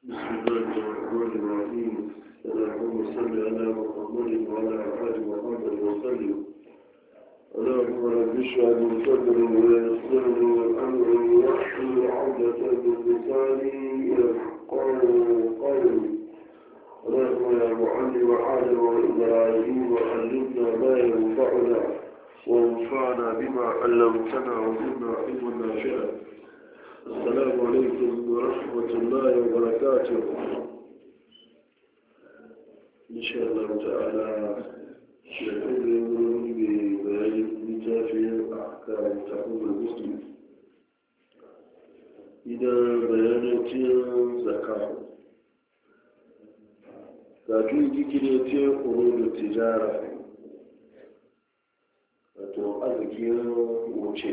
بسم الله الرحمن الرحيم اللهم صل على محمد وعلى آل محمد وسلم اللهم رب اشرح لي صدري ويسر لي امري واحلل عقدة من لساني يفقهوا قولي اللهم يا معلم آدم وإبراهيم علمنا ما ينفعنا وانفعنا بما علمتنا وزدنا علما نافعا السلام عليكم ورحمة الله وبركاته إن شاء الله تعالى نكون يوم ببيان لتافي أحكام تحوم المسلم إذا بيانت زكاة لكن ذكرت قرون التجارة wato arzikin wuce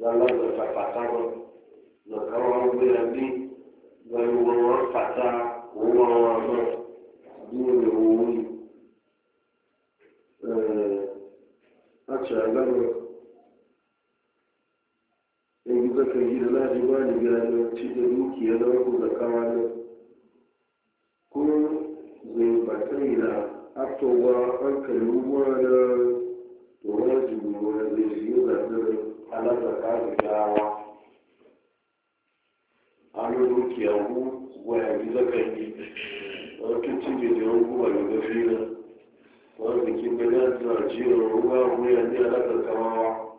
lọ́lọ́dọ̀ pàpàtà wọn lọ́ka wọn gbéra bí wọn wọn wọn pàtà owó wọn mọ bí wọn lè wọ wọn yìí. Àti àgbàdo èyí tó kẹ̀yìn lọ láti wá nìgbà lọ tí ó dúkìá lọ́wọ́ kó lọ́ka wọn lọ. Kó zèé la ìlà àtọwà ọ̀kẹ́lẹ̀ owó wọn lọ. Wọ́n ti gbòòrò yi sí ó dàgbẹ́rẹ́. alazaka gawa ayoyin kiyahu waya yi zakan yi ɗauki cikin da yawon ruwa da gafira wanda ke gada da jiyar ruwa wuya ne alazaka kamawa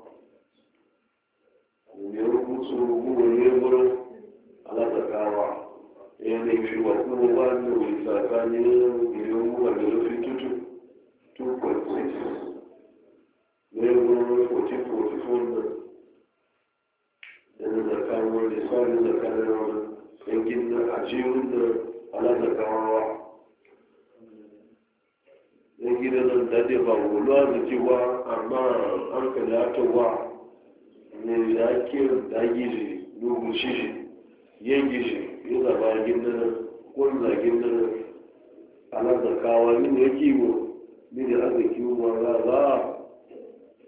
ne rubutu rubuwa ne wurin alazakawa yana fi wa kuma ba ne wani da tutu 2.6 1444 yana zarka wani da sauran zarka da wani yankin na ajiyun da ana zarka wawa don gida nan dade ba wuluwa da cewa amma an ka da ta wa ne da ke da gizi dubu shi yin gizi ya zaba gindana kwan zagin nan ana zarkawa ni ne ya kiwo ni da aka kiwo ba za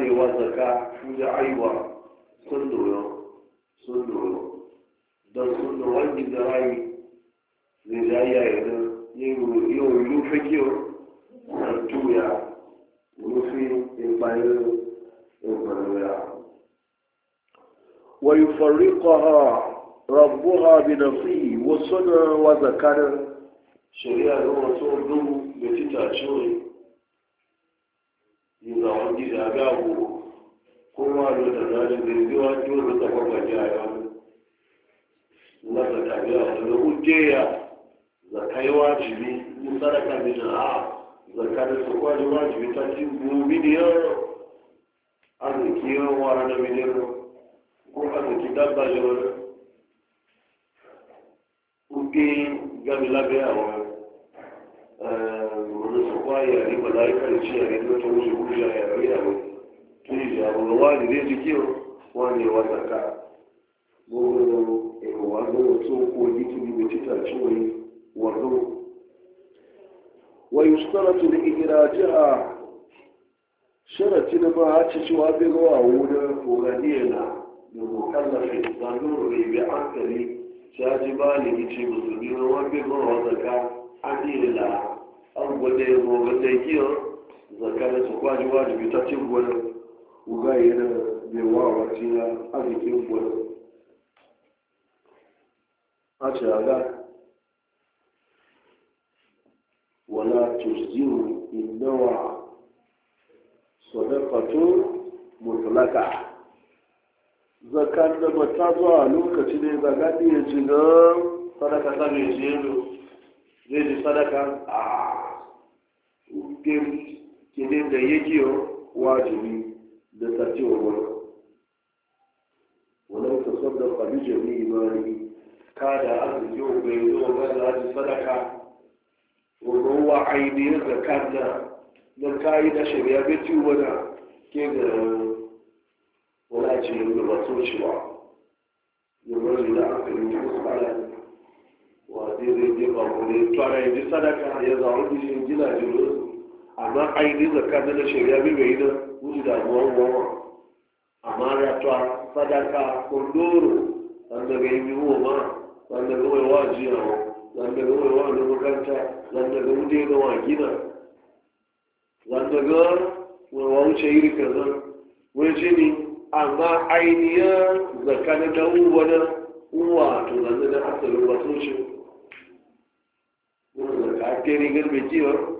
warewa zaka fuja aiwa sun sun doyo don sun wani da zai da ya yi nan yau rufe kiyo na tuya rufe ikpayin ikpayoya wa yufarriqaha rabbuha bi nafsi wa sunna wa zakara shari'a da wasu dubu da titace nígbà wọn ti rà bí àwò kó wọn àlọ dàda lè bèrè bí wọn jó lọ sọfọ gbàjẹ àyọ lọsọ tàbí àwọn olówó jẹyà zakai wajibi ní sadaka mi nà á zakai sọkọ àti wajibi tàbí gbòmí ni ọrọ àtìkí ọwọ ara nàmi ni ọrọ kó àtìkí dábàá yọ ọrọ ó gbé gámi Waye ne ba za a yi karshe a yanzu ta wuce kuma ya yi rariya ba tuni da abu da wani zai ji kiyo wani ya wata ka gobe da ewa wani eh, wato ko litini da cita ciwon wato wa yustaratu da ihrajaha sharati na ba a ci cewa bai ga wa wurin koganiya na da mukallafi da nuru ne bi hankali ta ji ba ne ci musulmi na wani bai ga wa zaka adila agwada ya gogon da giya zakarar su kwaji wajibi ta cin gwanin uga yana da wawa cinya arzikin gwanin a ce aga wala tuzziru innawa sadaqatu mutlaqa zakar da bata zuwa lokaci ne zaga iya jiga ah, sadaka ta mai zai ji sadaka a ah. pirci kede da yake wajibi da sace wa wani wannan ta sabda jami imani kada bai zo ga da ji sadaka wani wa aini da zakat na don kayi da shirya bai wani ke da wani da masu cewa yawon da aka yi musu alaƙa wa zai zai ba kuma ya tsara sadaka ya zaune shi gina jirgin amma ainihin zakanin da shari'a bai bai nan wuce damuwan gwamnan amma ya tuwa sadaka kundoro wanda ga yi yiwuwa ma zan daga wai wa jiyawa wanda ga wai wa na makaranta zan daga wuce ga wa gina zan daga wai wa wuce iri kaza wai ce ni amma ainihin zakanin da uwa na uwa to zanzu na asalin wasu ce wanda ka kere garbe kiwon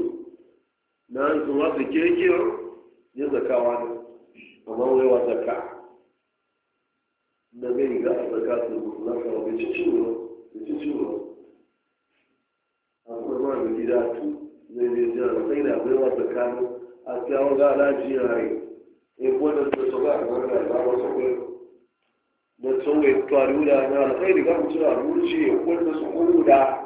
na zuma su kirkiro zaka wani amma wai wa zaka na gani ga a zaka su na kawo bai ci ciwo a kuma ma gida tu zai zai jira na sai da bai wa zaka ne a kyawo ga alaji ya rai e wannan da su ga kamar da ba wasu kai da tsohon tuwari wuda na alkhairi ga mutum a wurce wannan su kuma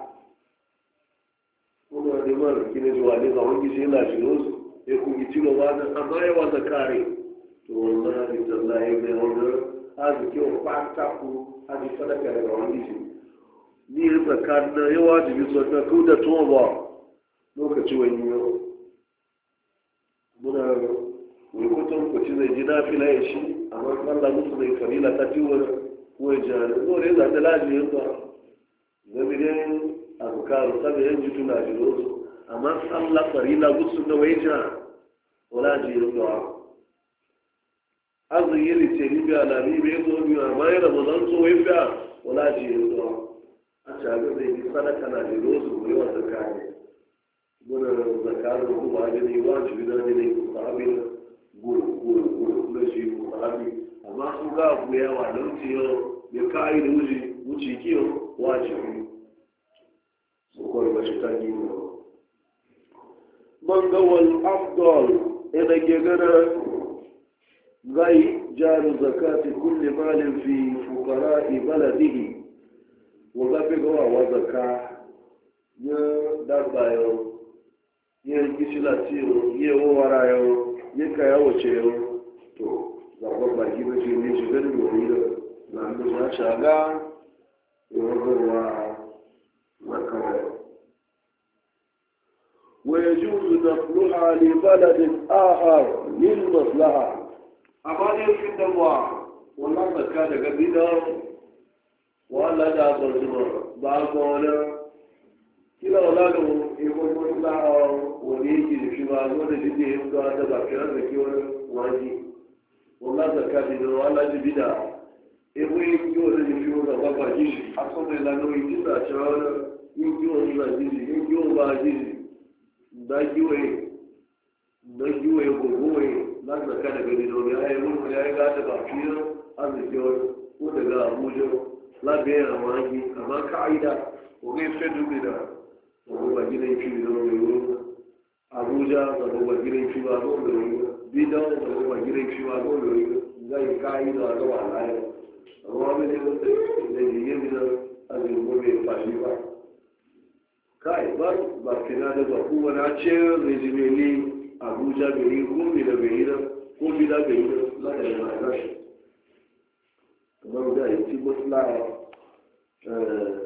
man kine zuwa ne ga wani sai lafiyosu ya kuma ci gaba da amma yawa da kare to wallahi tallahi mai wannan arziki wa fata ku sadaka daga wani ni ya tsakanin na yawa da biyu tuwa ba lokaci wani yau muna zai ji na fila ya shi amma kalla musu mai ta ba sabi yan jirosu amma sallah farila gusu da jira wala ji ruwa azumi rice ni biya na ni bai zo biyu amma yana ba zan wai biya wala ji ruwa a shagar zai yi sadaka na da rosu wa zaka ne muna zakarar kuma ne ne wajibi na ne ne ku sahabi gudu gudu gudu kuma shi ku sahabi amma su ga ku yawa don ci yau ya kayi da wuce kiyo wajibi su kawai ba shi ta gina Mangawal wal afdal ina ke gana gai jaru zakati kulli malin fi fukara'i baladihi wa gafi gawa wa zaka ya dabba yau ya kishi tiro ya wawara yau ya kaya wace to zaɓar baki ba ce ne shiga go gobe da na hannu ya shaga ya wa na kawai ويجوز نقلها لبلد آخر للمصلحة أما يشد الله والله مكان قبيلة ولا لا برزمة بعض ولا kila wala da ikon wani wani yake da ba wanda shi ne yanzu da bakiran da ke wani wani wala zakka ne da wala da bida ebo yin kiwo da shi wanda ba ba shi a son mai a yin kiwo yin kiwo ba dagiwaye dagiwaye gogowaye na zaka daga nidomi yi mulku ya yi gada ba fiye arzikiyar ko daga abuja labiyar amagi amma ka'ida ko gai fe dubi da ba gidan fi da yi wuri abuja ba ba gidan fi ba don da wuri bidan ba ba gidan fi ba don da wuri zai ka'ida ga wa layo amma abin da ne zai yi yin bidan arzikiyar mai fashi ba kai bar ba kina da ba ku wani ce rijimeli abuja gari ko mi da gari da ko mi da gari da za ka yi ma'ana shi kamar da ya ci butla eh,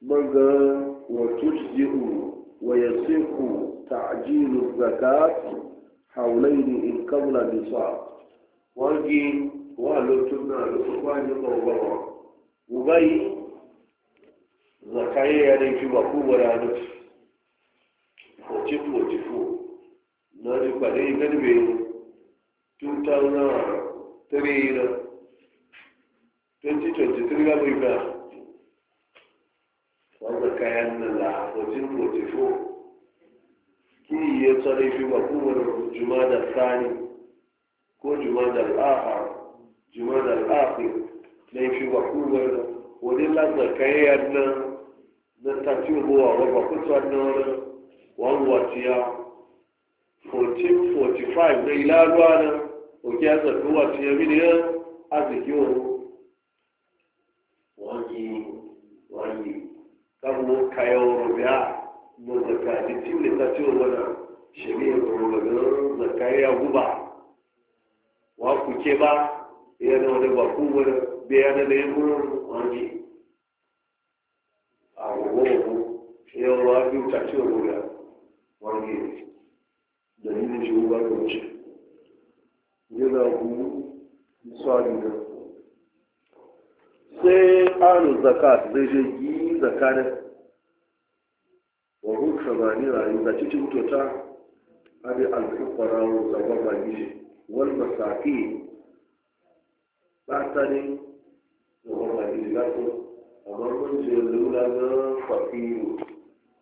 manga wa tujzi'u wa yasihu ta'jilu zakat hawlayn in qabla nisab wangi wa lutuna lutwa ni ba ba ugai zakariya da ki ba ku wara da 44 na ji ba dai garbe 2003 na 2023 ga bai ba wanda kayan nan da 1444 ki yi tsare fi ba ku wara juma da sani ko juma da al'ahar juma da na fi ba wani lazar kayan nan na tati ruwa wadda kusa nan wani watiya 1445 na ilaruwa na oke ya zafi watiya miliyan arziki wani wani kamo kayan rubiya na zakati tim ne tati ruwa na shari'a rubagarin zakari ya guba wa kuke ba yana wani baku wani bayanan da ya gurin wani yau wa biyu ta ce wange dalilin shi ba da wuce ya zagu misali da sai anu zakat zai je yi zakarin wa hukka ba ni rayu da cikin tota abi alfukara wa zaba ba gishi wal masaki ba ta ne zaba ba gishi lafiya amma mun je lura na fakiru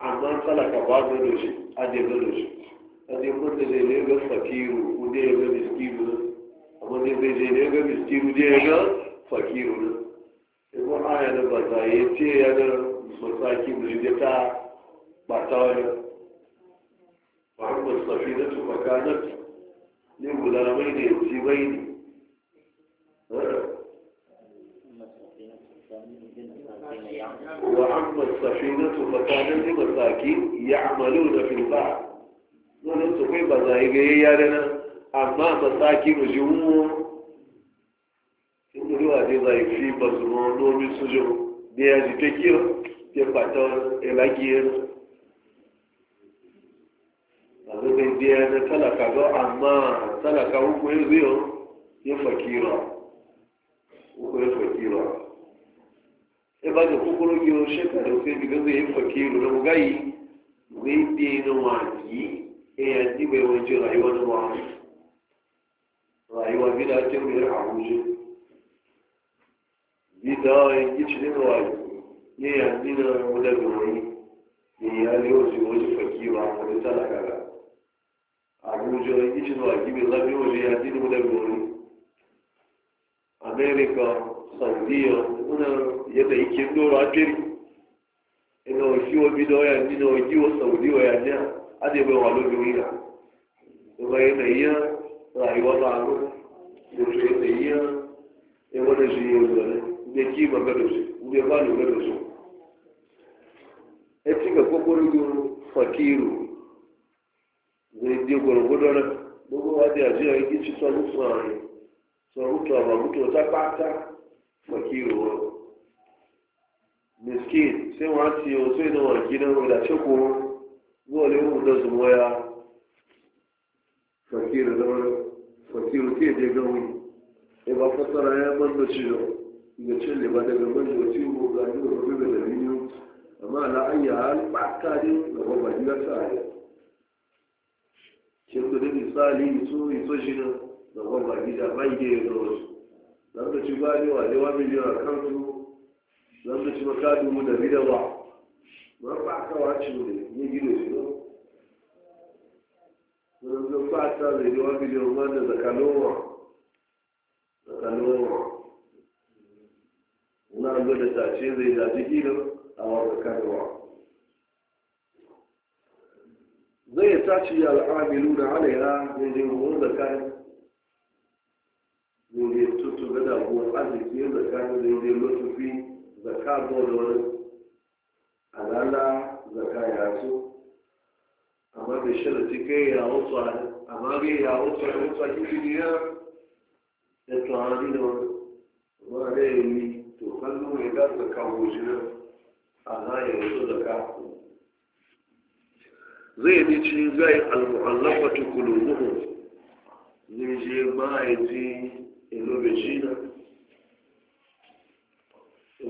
amma talaka ba ga da shi a je ga da shi a je kun da je ne ga fakiru ko da je ga miskiru amma ne da je ne ga miskiru je ga fakiru na ko aya da ba ta yi ce ya ga masaki mu je ta ba ta wani ba har mustafi na tuba kanat ne gudanar mai da ci bai ne وعم السفينة فكانت مساكين يعملون في البحر ونسو كي بزاهيك يا يارنا أما مساكين جمو يقولوا هذه ضعيف في بزمون نومي سجو بيجي تكير تبطر إلى كير أما بيانا تلقى دو أما تلقى وكوين زيو يفكيرا وكوين فكيرا sai ba eu kokoro yi wa shekaru sai diga zai yi fakiru na mugayi zai biye na waki eu não ji bai eu rayuwa na wani rayuwa bida ce mai rahuje bida ya ji cire na waki ya ya ji na wadda da wani ne hoje ji wasu wasu fakiru a wani talaka ga abuja ya ji cire waki bai zafi wasu ya ji na wadda da wani amẹ́ríkà saudiya múnà yẹtẹ ike ya agbẹrì ẹnà a bídọ ọyà nínú òjìwọ saudi ọyà ní àdébẹ wà lóbìnrin rà ìwà yẹtẹ yíyá ràìwọ bá a lọ lọsọ yẹtẹ na ẹwọ náà ṣe yẹ ọjọ rẹ ndé kí ndị bẹ lọsọ ndé fakiru ndé gbogbo wa di àjẹyà sọ wútò ọmọ wútò sápáńtà fọkìrì wọn miskin ṣé wọn á ti oṣù inú wọn jí náà wọn dàṣẹkù wọn lè wọn dọ sùn wọn ya fọkìrì lọrọ fọkìrì tí èdè gan wọn ìbá fọsọrọ ẹ mọ lọsí lọ ìgbésẹ lè bá dẹgbẹ mọ lọsí wọn gba ní ọdún bíbẹ lẹbi ní àmọ àlà ayé àpáta dé ya wa da da na kwamba kisha da yoyote labda chumbani walewamiliwa kantu labda chumakadumu na vile wa mamba akawa chule nyingine ba. unazopata ziliwamiliwa manda za kanoa za kanoa unaambiwa tasacheza ilaji hilo awawakanoa zai tashi al'amiluna alaiha yanzu wanda kayan abubuwan arziki zaka da daidai lokaci zaka zuwa da wani alala zaka ya so amma da shirci kai ya wasu amma bai ya ya wasu a cikin ya ya da wani amma da ya yi to kallon mai zaka goshi nan amma ya wasu zaka zai ni ci zai al-mu'allafatu qulubuhum je ma yi ti ilo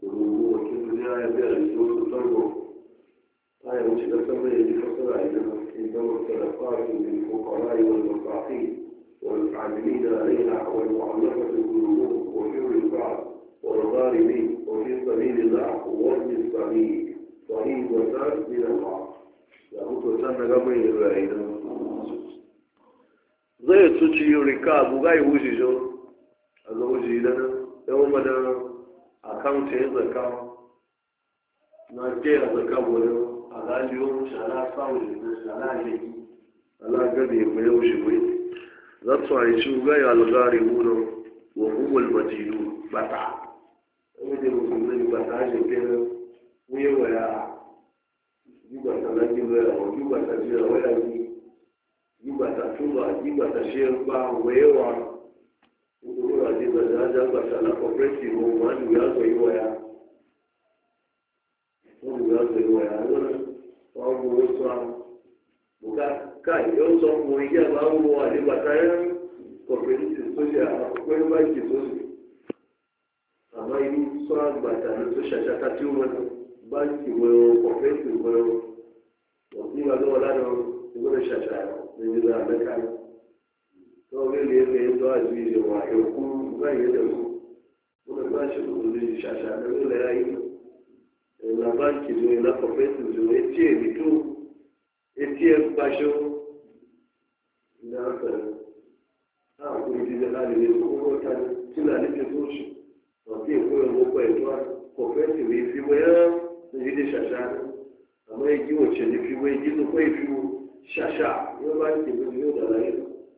قلوبه وكل جاء بها يسوس وطلبه آية مشكلة لفصل عندنا في دور الصدقات للفقراء والمساقين والعاملين عليها والمعلقة القلوب وحر البعض والغارمين وفي سبيل الله وابن السبيل صحيح من البعض لابد وسنة قبل الرعيدة zai tuci yurika bugai wujijo a zo wujidana yawon madana akaunti ya zaka na ke a zaka wani alhaji wani shara samun da shara ne ala gabe mai yau shi wai za su haini shi ga ya algari wurin wa kumul majidu bata wani musulmi bata shi kenan wuye waya ta na jibira wa yuba yubata jira waya ni yubata tuba ta shi ba wayewa wàdí gbàdá ajágbàtà lákọ̀ọ́pẹ́sì wọn wà lùwẹ̀ àgbẹ̀ ìwọ̀ ya wọ́n waya. àgbẹ̀ ìwọ̀ ya lọ́nà wọ́n mú owó sọ àwọn bùkà káì yóò sọ fún ìyá bá ń wọ àdégbàtà yẹn kọ̀pẹ́sì sójà àkọ́kọ́ bá jì sósì àmọ́ irú sọ àgbàtà ló tó ṣàṣàkà tí wọ́n bá jì wọ́n kọ̀pẹ́sì wọ́n wọ́n ní wàlúwọ̀ lánàá ìwọ́n ṣàṣàyàn saurin da ya kai zuwa ji da wa ya kun zai yi da mu muna ba shi kudu zai ji shasha da zai da ya yi na banki zo na profesin zo ya ce mito ya ce bashin na hankali a kuma ji da ɗalibin kuma ta tuna nufin zuci wọ́n ti kó ẹ̀wọ́ pọ̀ ẹ̀tọ́ kọ̀fẹ́sì rí fíwẹ́ nídìí ṣàṣà àmọ́ ẹjí òṣèlú fíwẹ́ ẹjí tó pé ìfiwọ́ ṣàṣà yóò bá ti bẹ̀rẹ̀ yóò dàgbà yẹn.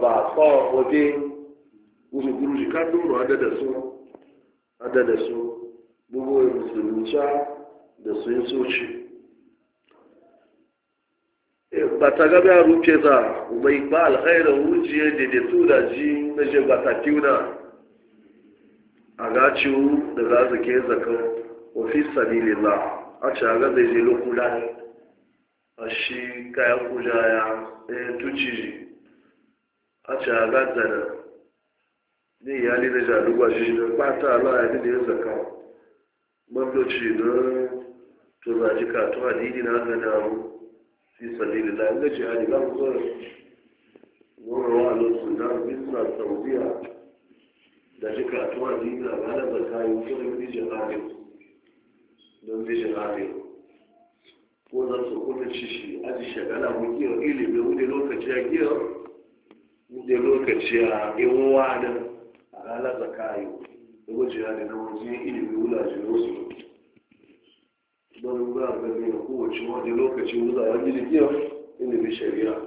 ba fa waje guruguruji kan doro adada su adada su bugu da su yi soci rufe za mai ba alkhairar wujiye da da ji na je bata tiuna a gaciwu da za su ke a ci a gaza a shi kayan ya tuci a ci a gaddana ne iyali na jaluba shi na fata ala ya da ya zaka mamdoci na to za ji kato hadidi na gana mu fi salili la ga ci hadi ba mu a mu wa alu sunna bisna saudiya da ji kato hadidi na gana ba kai ko da ji jihadi don ji jihadi ko za su kuma ci shi aji ya inda lokaci a yawon wa'adan a ranar zakayo da wajewa da na wajen ilimin wulaje wasu don za a gani na kowace wani lokaci wuzawar ilimiyar ilimin shari'a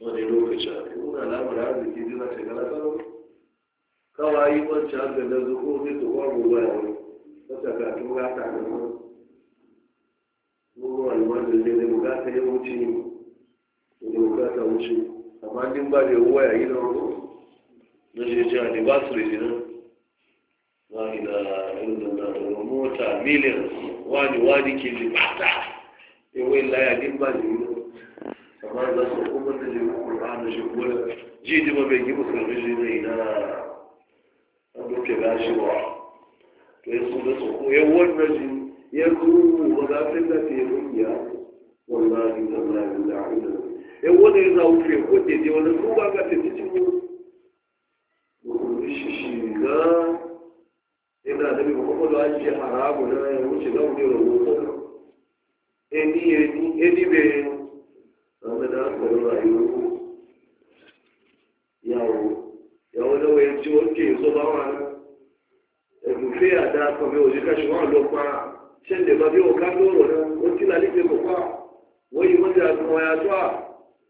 wani lokaci a kai wuna lamar arziki jina ta gara tsaro kawai wancan zuko ne su kwamu baya wani wata ga tura ta da wani ruwan wanda ne da bukata ya wuce ne da bukata wuce ne amma din ba da waya yi na roƙo na shirya ne ba su rage nan ba ni da irin da na mota miliyan wani wani ke ji bata ya wai laya din ba da yi amma za su kuma da ji ƙur'an da shi kuma ji ji ma bai yi musulmi shi ne ina abu ke gashi wa to ya su da su ko ya wannan shi ya zuwa ga sai da ke yi ya wallahi tallahi da ainihin ewo um e na ịza ofe ote dị ọnụ n'ụgbọ agafe titi mụ shishi na ịna adabi mọkọlọ aji haramu na ya wuce na wuri ọrụ ụgbọ eni ndị eni be na wa ada pa bi na o e ti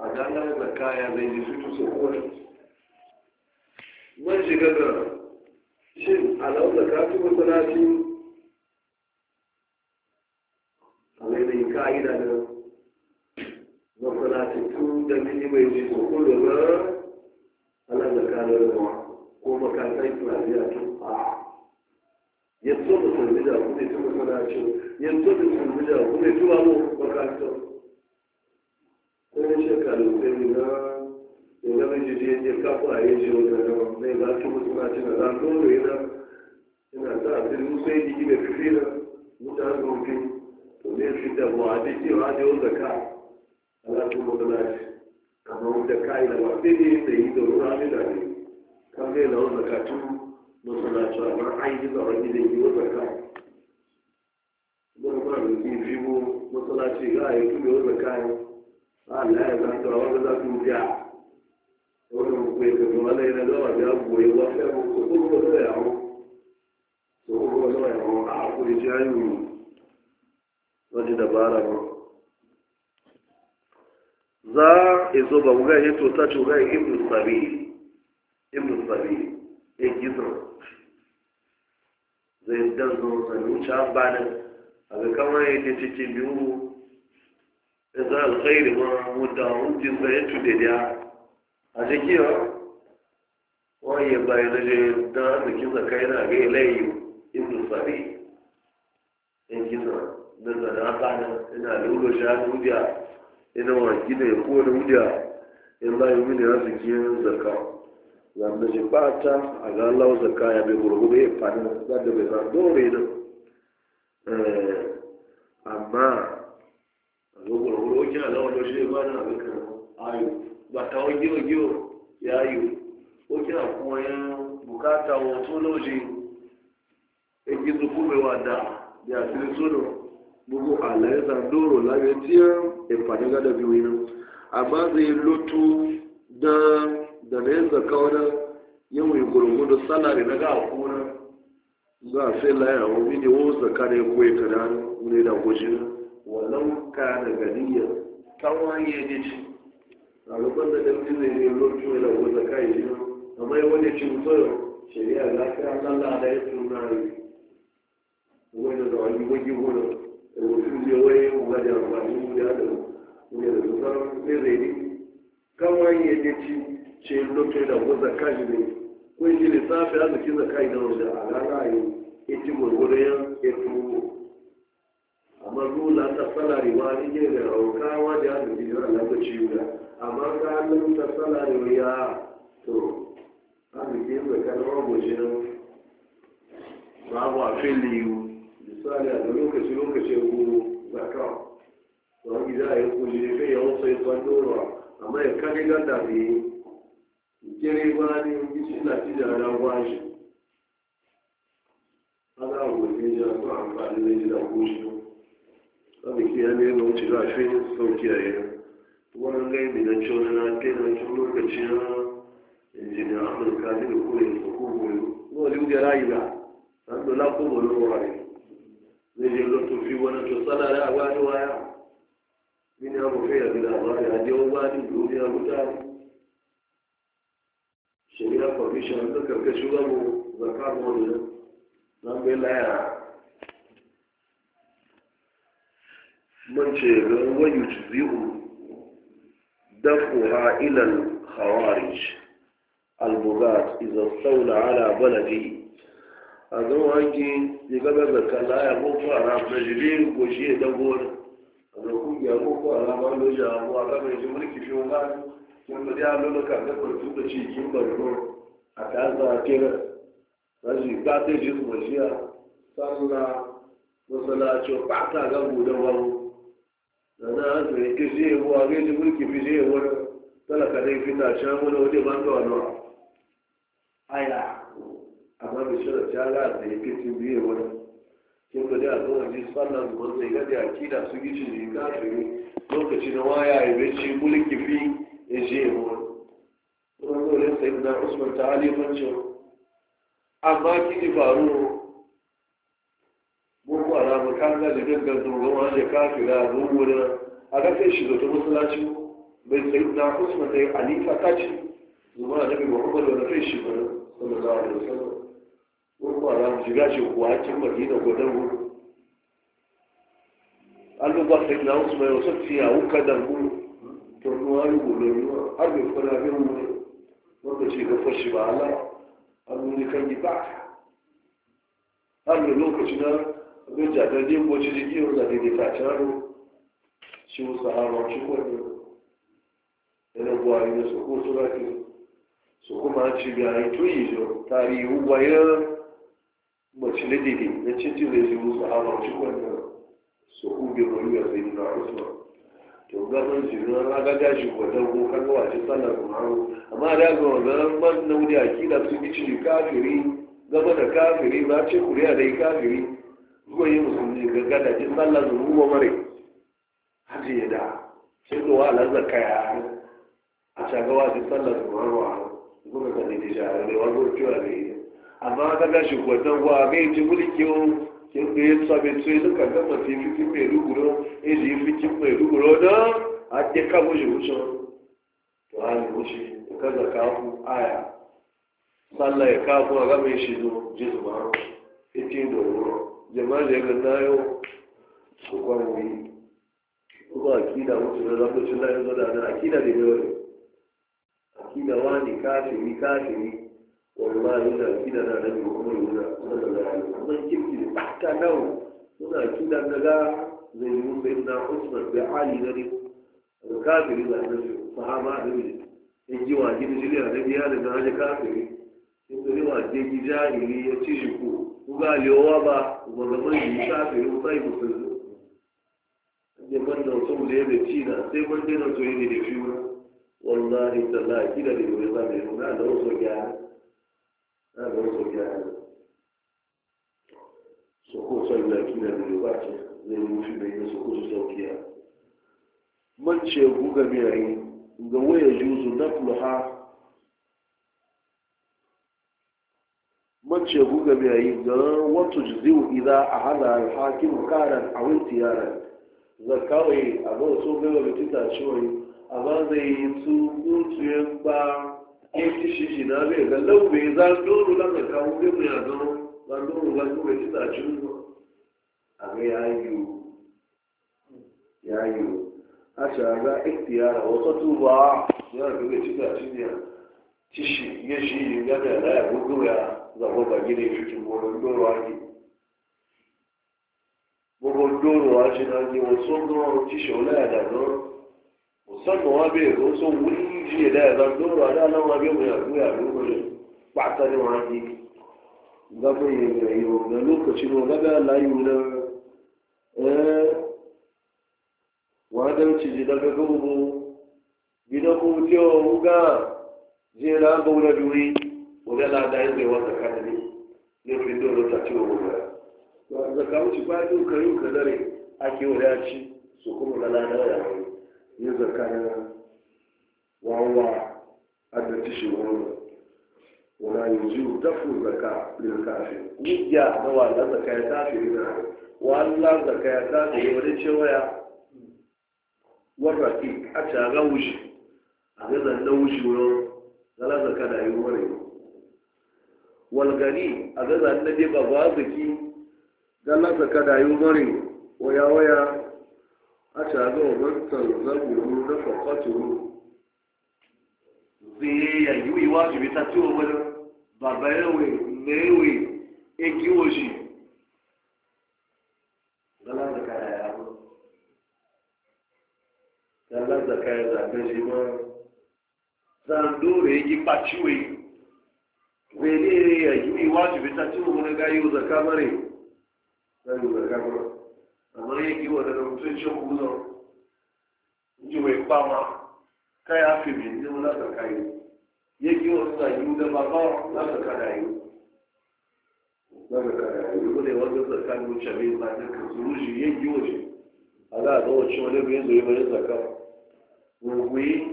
a ranar da kaya zai ji su su man shiga da kafi masalaci a mai mai ka'ida da masalaci tun da mini mai ji su kone ba ala ruwa ko makakai tunaniya tun a yanzu da sanjida kuma tun masalacin yanzu da sanjida kuma tun abu makakai inda kafa ya ce wata gaba zai za su mutu na za su yana yana ta asirin sai jiki da mutane to ne da a da yau zaka da ne da yi da ruwa ne da ne kan zai na tun yi da wani da yi zaka wani kuma da fi mu ga a yi tun da zaka za su wọ́n mú pé ìgbìmọ̀ na lọ́wọ́ àbí àbúrò yẹn wọ́n fẹ́ mú òkúrò lọ́wọ́ ẹ̀hún òkúrò lọ́wọ́ ẹ̀hún àkúrò iṣẹ́ ayò za a e ba wuga ya to ta cuga e ibn sabi ibn sabi ya gizo zai dan zo e sani wuce an bani a ga kama ya ke cikin biyu ya alkhairi ma mutu a hujjin zai azikio waye bai na je dan arzikin zaka yana ga ilayi inda sari in kisa na zana kanin ina lura shanu wudiya ina wa gina ya kowane wudiya in ba yi mini arzikin zaka zanda shi bata a ga Allah zaka ya bai gurgurbe ya fani zanda bai zan dore nan amma eh, a ga gurgurbe wajen Allah wanda shi ya bani a kan ayu bàtà ọjọ́ ya yò ó kí àwọn yẹn bùkátà wọn tó lóde èyí tó kú mi wà dà bí àtìrí sódò gbogbo àlàyé sàdóòrò láyé tí ìpàdé gádà bí wọn náà àmọ́ ṣe lótú dán dàlẹ́ zaka wọn gurgudu salari na ga kuna za a sai layar wa mini wo zaka ne kuwa ka da ne da guji walau ka da gariya tawaye ne ci alukon da dan zai ne lokacin da lagu da kai shi amma wani cin tsoyo shari'a za ka an da ya tuna yi wani da wani wani wani rufin da wani wuga da amfani da da ne da zuwa ne zai ne kawai ya ne ci ce lokacin da da kai ne ko shi lissafi arziki zakai da wanda a rana yi ya ci gwargwaron ya turo magula ta salarewa ige da raukawa da ya zubi da lokaci guda amma kanin ta salarewa ya to arziki da kalmar goshi nan babu a filiyu misali a lokaci lokaci ko zaka gida ya kuli ne kai ya wasu ya tsandorwa amma ya kare ganda da yi kere ba ne na ci da ranar gwashi ana gobe ya amfani da gida sabi kiya ne ga wuce ga sau kiyaye wannan gai mai na cewa na kai na cikin lokaci na injiniya amurka ne da kore da kogoyo wani wuce rayu ba an dola kogo na wurare zai je lokacin fi wani to tsada ya wani waya mini abu fiye da labari a jewa wani duniya mutane shirya commission da karkashin gamu zakar wani na bai laya من شيء ويجزئ دفعها إلى الخوارج البغاة إذا استولى على بلدي أنه أنجي يقبل ذلك لا يقوم على مجلين وشيء دبور أنه يقوم على مجلين وعلى مجلين في وغاية wanda dai an lura kan da kwarfi da ce yin barno a ta za a ba ta ji su mashiya sanuna cewa ba ta ga gudan wani zana an zai ke zai yawo a gaji mulki fi talaka na can wani wani ban da wani aya amma mai shirin ta ga ya fiti biye wani kin ga zuwa ji sallan ga da akida su gici ne na waya ya mulki fi ya ewu Usman amma kanga da gaggauta gama da kafira ruwa a kafin shi zata musulaci bai sai na kusa da ya alifa ta ce zuwa da nabi muhammadu wani kai shi bane sama za a da sama ko a ramu shiga shi kuwa hakin madina gudan wuri an lubba sai na wasu mai wasu fiya wuka da mu to nuwa yi gudu nuwa har bai fara bin mu wanda ce ga fashi ba ala an wuri kan yi ba har da lokaci na zai jada zai ndị jiki yau da daidai ta can shi wasu hawa shi kwanne yana na da su ko surati su kuma ci ga tarihi bayan mace na daidai na cincin zai shi wasu hawa shi ya zai na usman to na raga gashi ga wannan man na wuce akida su bi yi musulmi gaggada ji sallar zuru wa mare ya da shi kaya a shagawa ji sallar zuru wa gura da ne ji shara ne wa gura amma ka ga shi wa ga yi ji mulki o ke ko yi sabe tsoye duka fikin mai ruguro e ji fikin mai ruguro na a ke wucin to a ne wuce ka ga kafu aya ya kafu a ga mai shi zo ita yi jama'a da yakan tayo su kwanwoyi kuma akida mutu na zafocin layin zada na akida da yawon akida wani kafiri kafiri yi da akida na da biyu kuma yana kuma da zai kuma kirki da ta nawa suna akida na ga zai yi mun na usman bai hali na ne da kafiri da annabi sahaba da ne in ji wa gidan jiliya na biya da na hajji kafiri in zai wa ya ci shi ko kuga liyowa ba ba zaman yi shafe yi sai musulmi ne man da wasu mu da ya beci na sai man dai na soyi ne da shi ma wallahi tallahi kida da gobe za mu na da wasu gyara na da wasu gyara so ko sai da da ce zai yi mushi da yin su ko su saukiya man ce guga mai ga waya juzu na kulaha ce guga mai yi ga wato jiziu idan a hada alhakim karan a yaran za a gaba zai yi su ba ke na bai ga laube na ka kawo mai za doro na kuma ciwon a ga a tuba ya zaɓo ba gine shi cin goron dorowa ndoro goron na ne wasu zuwa wuce shaula ndoro musamman wa bai so wuri ji da ya zan dorowa da nan wa bai ya ne wa yi na lokacin wa na ji daga gugu wuga na gauna duri ogala adaghị ewe zakarị n'efede olotachi obodo zaka wuchikwa aka ukere ukelere aka eweghachi sokomogala adaghị ahụ ya zakarị wawa adatishi wani wala yanzu dafu zaka lọ wọ́n yadda na wala zaka ya kafiri na wala zaka ya wani cewa ya warraki a ta ga wuce a ga zanna wuce wurin zala zaka da yi wani walgani a gaza na je ba ba zaki don lasa ka da yumari waya waya a shaga wa mantan zaburu na fafaturu zai ya yi wi wajibi ta ciwo wani babayewe mewe egi oji galan da kaya ya bu galan da kaya zaɓe shi ma zan dore egi paciwe yi yajui wajibitatiwa mwanagayi uzakamare nani uzakamare zaka mare? na mtucho kuzo njiwe pama kaya afi mende unaza kayo yekiwa sa yuda baba unaza kadayo unaza kadayo yule wazo zakani uchawi mande kuzuruji yekiwa ala do chole bienzo yebeza kama ngui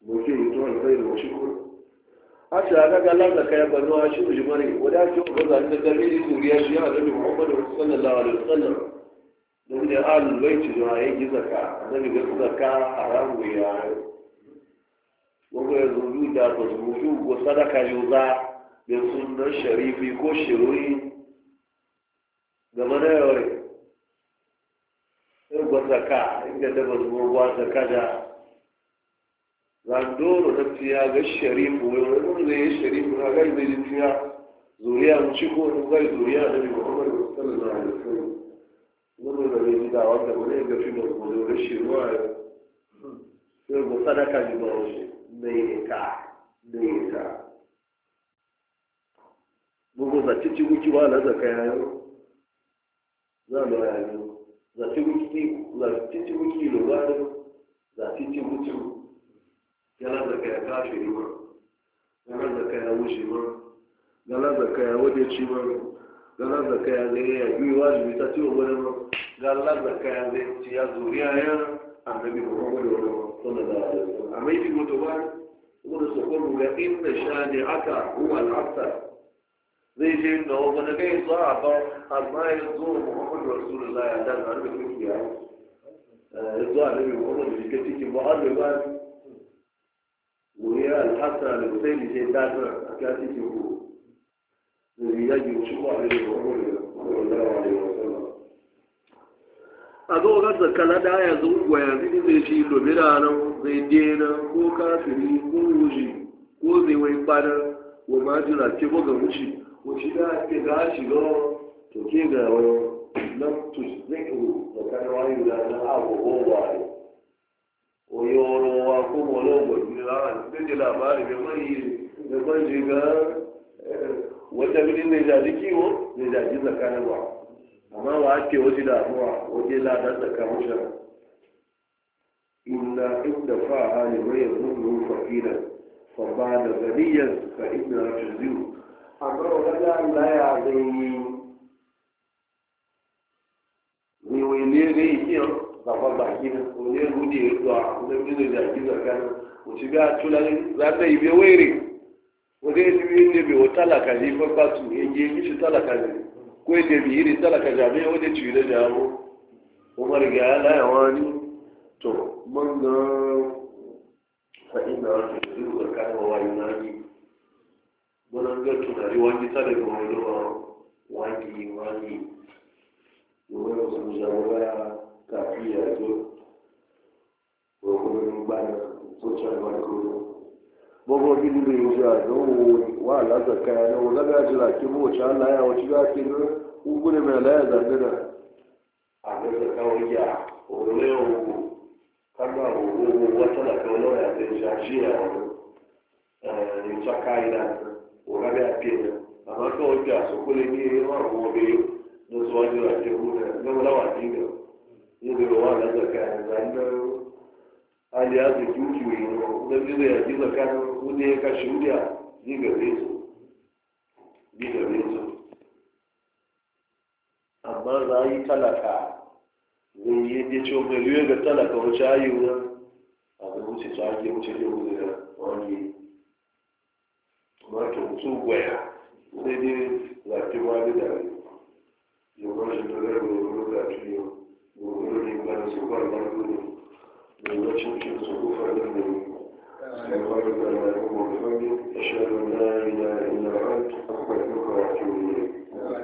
Mwenye mtuwa nkai mwashukuru hata ga galar da kayan banu a shi ujimari wadatun gaza da dalilin zuriya shi yana da muhammadu sallallahu alaihi da don da alul baiti zuwa ya yi zaka da daga zaka haram ya yi wanda ya zuru da ba zuru ko sadaka yuza da sunan sharifi ko shiruri game da yawai ya gwazaka inda da ba zuru ba zaka da zandoro na tiya ga sharifu wani wani zai yi sharifu na gari zai yi tiya zuriya mu ci ko wani gari zuriya na bi muhammad sallallahu alaihi wasallam wani da zai ji da wanda wani ga gafi da gobe da shi ruwa ya sai mu sadaka ji ba shi daidaita daidaita bugu za ci ci wuki ba na zaka yayo za mu yayo za ci guki za ci ci guki lo ba za ci ci guki yana da kaya kafiri ma yana da kaya wuce ma yana da kaya wadaci ma yana da kaya ne ya yi wajibi ta ciwo wani ma yana da kaya ne ci ya zuriya ya annabi muhammadu wani sallallahu alaihi wasallam amma yi mutu ba wani sokon ga inda shani aka huwa al'aftar zai je inda wani gai sahaba amma ya zo muhammadu rasulullah ya dan annabi kuma ya zo annabi muhammadu da ke cikin ba'ar da ba wòye alhassan alùpùpẹ́ẹ́lì ṣe dáadáa àti àtìsí òkú lórí yájú ṣùgbọ́n àlejò ọ̀gbọ̀n ọ̀gbọ̀n abin wakar zakana da ya zo waya zini zai ci lomira nan zai dena ko kafiri ko wuji ko zai wai kwana wa majina ke ko ga wuci wuci da ke da shi ga to ke ga wani nan to zai ko wa, ko monon gwaji na duk da labari da shiga wata bilin da jaji kiwo da jaji tsakanin ba amma wa ake waje damuwa waje ladar da kamusha inna inda fa hali mai ya mun fakira fa ba da zaniyan ka inda na tuziyu amma wadanda Allah ya zai yi ne wai ne ni yi kiyan bàbá bàkí òní ẹrú ní ètò àwọn ẹgbẹ́ ìjà ìjìnlẹ̀ kan òsì bí atúlá lábẹ́ ìbí wéèrè òní ẹni bí ẹnẹbi wò tálàkà yìí fọ́pá tù ẹyẹ kíṣu tálàkà yìí kó ẹnẹbi yìí ní tálàkà yìí àbí ẹwọ́n tẹ̀tù ilẹ̀ yà wọ́n wọ́n mọ̀ man láyà wọn ni tó mọ́ngàn fàyínà ìlú ẹ̀ka wà yìí ní ga tunari wani sáré gbọ́dọ̀ wani wani wani ìwé òṣèlú kàfi ẹ̀dọ́ òkúrò nígbà social micro gbogbo gidi lè yọjú àdánwò wà lásàkà ẹ̀rọ lágbàjọ àti mú láyà wọn ṣígbà kí ní ugbó ní mẹ́rin láyà zàgbéra àgbẹ̀sẹ̀ká ọjà òrùlé òwò kágbà òwò owó wọ́tọ́lá àti àti àmọ́ ọjà ní ẹ̀rọ àwọn ọmọ mudewa na tsakanin zanen hali ya zai duki mai yi don zai zai yaji tsakanin wanda ya kashe wuya zai gabe su zai amma za yi talaka zai yi ya ce wani liyo ga talaka wace ayi wuya a da wuce su ake wuce ne wuce da wani wato su gwaya sai dai zafi wani da yau wani shi da zai gwaya wani zafi yau ويقول لك سوبر ماركت لوجه الصفوف الذي سيقال لنا يوم الفجر أشهد أن لا إله إلا أنت أحبك وأحبك